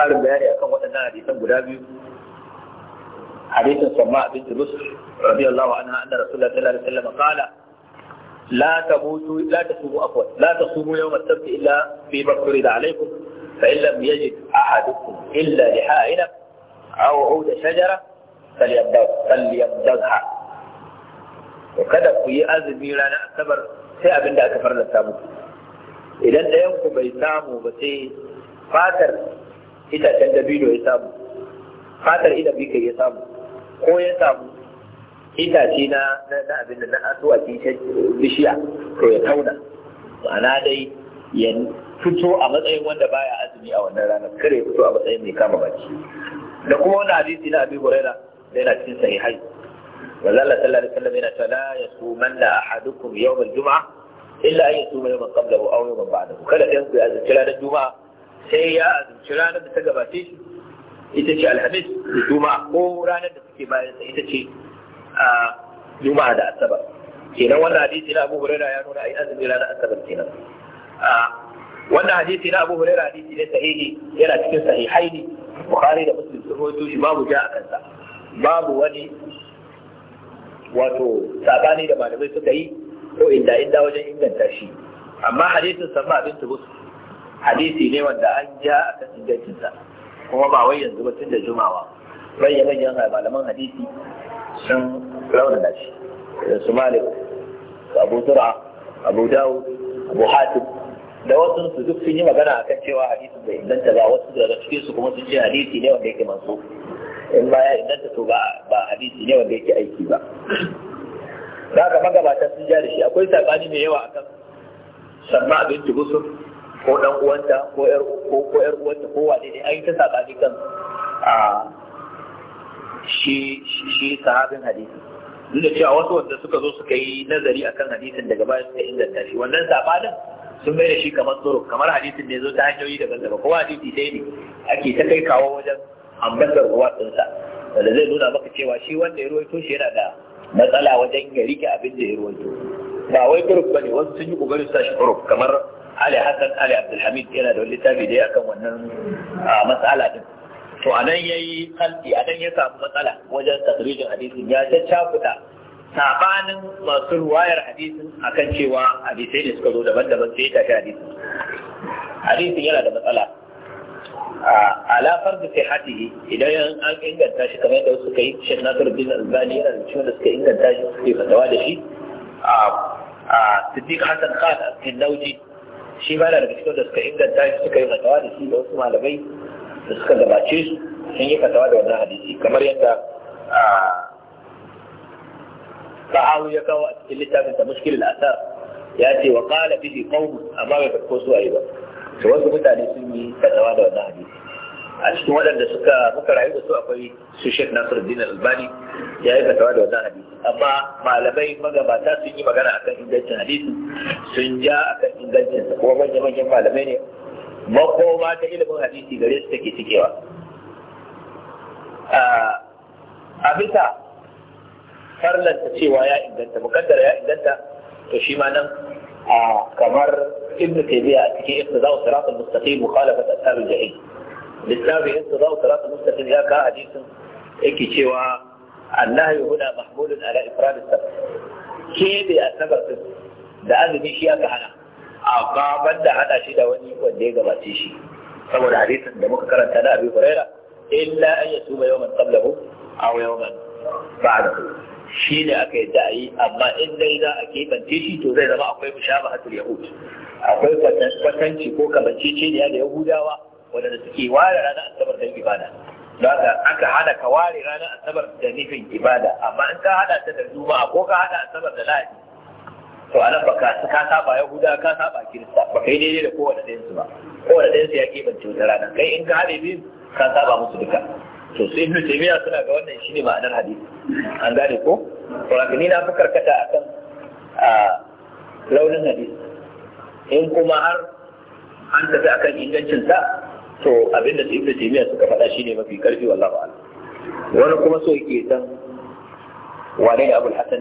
ƙarin bayani akan waɗannan hadisan guda biyu hadisin samma bin turus radiyallahu anha anna rasulullahi sallallahu alaihi wasallam qala la tamutu la tasumu afwan la tasumu yawm as-sabt illa fi ma turida alaykum fa in lam yajid ahadukum illa liha'ina aw 'uda shajara falyabda falyabdaha to kada ku yi azumi ranar asabar sai abinda aka farlanta muku idan ɗayan ku bai samu ba sai fatar itacen dabino ya samu fatar bi kai ya samu ko ya samu itace na na abin da na asuwaci bishiya ko ya tauna ma'ana dai ya fito a matsayin wanda baya azumi a wannan ranar kare ya fito a matsayin mai kama baki da kuma wani hadisi na abi huraira da yana cikin sahihai manzo Allah sallallahu alaihi wasallam yana cewa la yasumanna ahadukum yawm al-jum'a illa an yasuma yawman qablahu aw yawman ba'dahu kada dan ku azumi ranar juma'a sai ya azumci ranar da ta gabace shi ita ce alhamis da juma'a ko ranar da suke bayan sa ita ce a juma'a da asabar kenan wannan hadisi na Abu Hurairah ya nuna ai azumi ranar asabar kenan a wannan hadisi na Abu Hurairah hadisi ne sahihi yana cikin sahihaini Bukhari da Muslim sun rawaito shi babu ja a kansa babu wani wato sabani da malamai suka yi ko inda inda wajen inganta shi amma hadisin Samma bin Tubus hadisi ne wanda an ja a kan ingancinsa kuma ba wai yanzu ba tun da jumawa bayan manyan malaman hadisi sun raunana shi da su malik abu zura abu dawo abu hatim da wasu su duk sun yi magana akan cewa hadisi bai inganta ba wasu daga cikin su kuma sun ce hadisi ne wanda yake manso in ba ya inganta to ba hadisi ne wanda yake aiki ba da aka magabata sun ja da shi akwai saɓani mai yawa akan sannan abin tubusur ko dan uwanta ko yar ko ko yar uwanta ko wa ne an yi ta sabani kan a shi shi sahabin hadisi duk da cewa wasu wanda suka zo suka yi nazari akan hadisin daga baya suka inganta shi wannan sabanin sun mai da shi kamar tsoro kamar hadisin ne zo ta hanyoyi daban-daban kowa hadisi dai ne ake ta kai kawo wajen ambatar ruwa ɗinsa wanda zai nuna maka cewa shi wanda ya ruwaito shi yana da matsala wajen ya rike abin da ya ruwaito ba wai kuruf ba ne wasu sun yi ƙoƙarin sa shi kamar ali hassan ali abdulhamid yana da littafi da ya kan wannan matsala din to anan yayi a anan ya samu matsala wajen tadrijin hadisin ya caccafuta sabanin masu ruwayar hadisin akan cewa hadisai ne suka zo daban-daban sai ya tafi hadisin hadisin yana da matsala da fardu sihatihi idan an inganta shi kamar yadda suka yi Sheikh na Albani yana da cewa da suka inganta shi suke fatawa da shi a Siddiq Hassan Khan kindauji shi na da cikin da suka inganta shi suka yi fatawa da shi da wasu malamai da suka gabace su sun yi fatawa da wannan hadisi kamar yadda ba'ahu ya kawo a cikin littafin ta mushkil al'asar ya ce wa kala bihi qawm amma bai fatko su ayi ba to wasu mutane sun yi fatawa da wannan hadisi a cikin waɗanda suka muka rayu da su akwai su Sheikh Nasiruddin Albani ya yi fatawa da wannan hadisi amma malamai magabata sun yi magana akan ingancin hadisi sun ja akan ingancin sa kuma manyan manyan malamai ne makoma ta ilimin hadisi gare su take cikewa a bisa farlanta cewa ya inganta mukaddara ya inganta to shi ma nan kamar ibn taymiya a cikin iqtida'u siratal mustaqim mukhalafat ashabil jahil littafi iqtida'u siratal mustaqim ya ka hadisin yake cewa Allah ya huna mahmudun ala ifradin sa ke da da azumi shi aka hana amma ban da hada shi da wani wanda ya gabace shi saboda hadisin da muka karanta na Abi Huraira illa an yatuba yawman qablahu aw yawman ba'dahu shi ne aka yadda a yi amma in dai za a keɓance shi to zai zama akwai mushabahatul yahud akwai kwatanci ko kamancece ne da yahudawa wadanda suke ware ranar asabar don ibada daga aka hada ka ware ranar asabar da nufin ibada amma in ka hada ta da juma'a ko ka hada asabar da lahadi to a nan baka ka saba yahuda ka saba kirista ba kai daidai da kowane ɗayan su ba kowane ɗayan su ya ci wata rana kai in ka hade biyu ka saba musu duka to sai Ibn taymiya suna ga wannan shine ma'anar hadisi an gane ko to ni na fi karkata akan a launin hadisi in kuma har an tafi akan ingancinsa to abinda da ibnu taymiya suka faɗa shine mafi karfi wallahi wani kuma so yake san wane ne abul hasan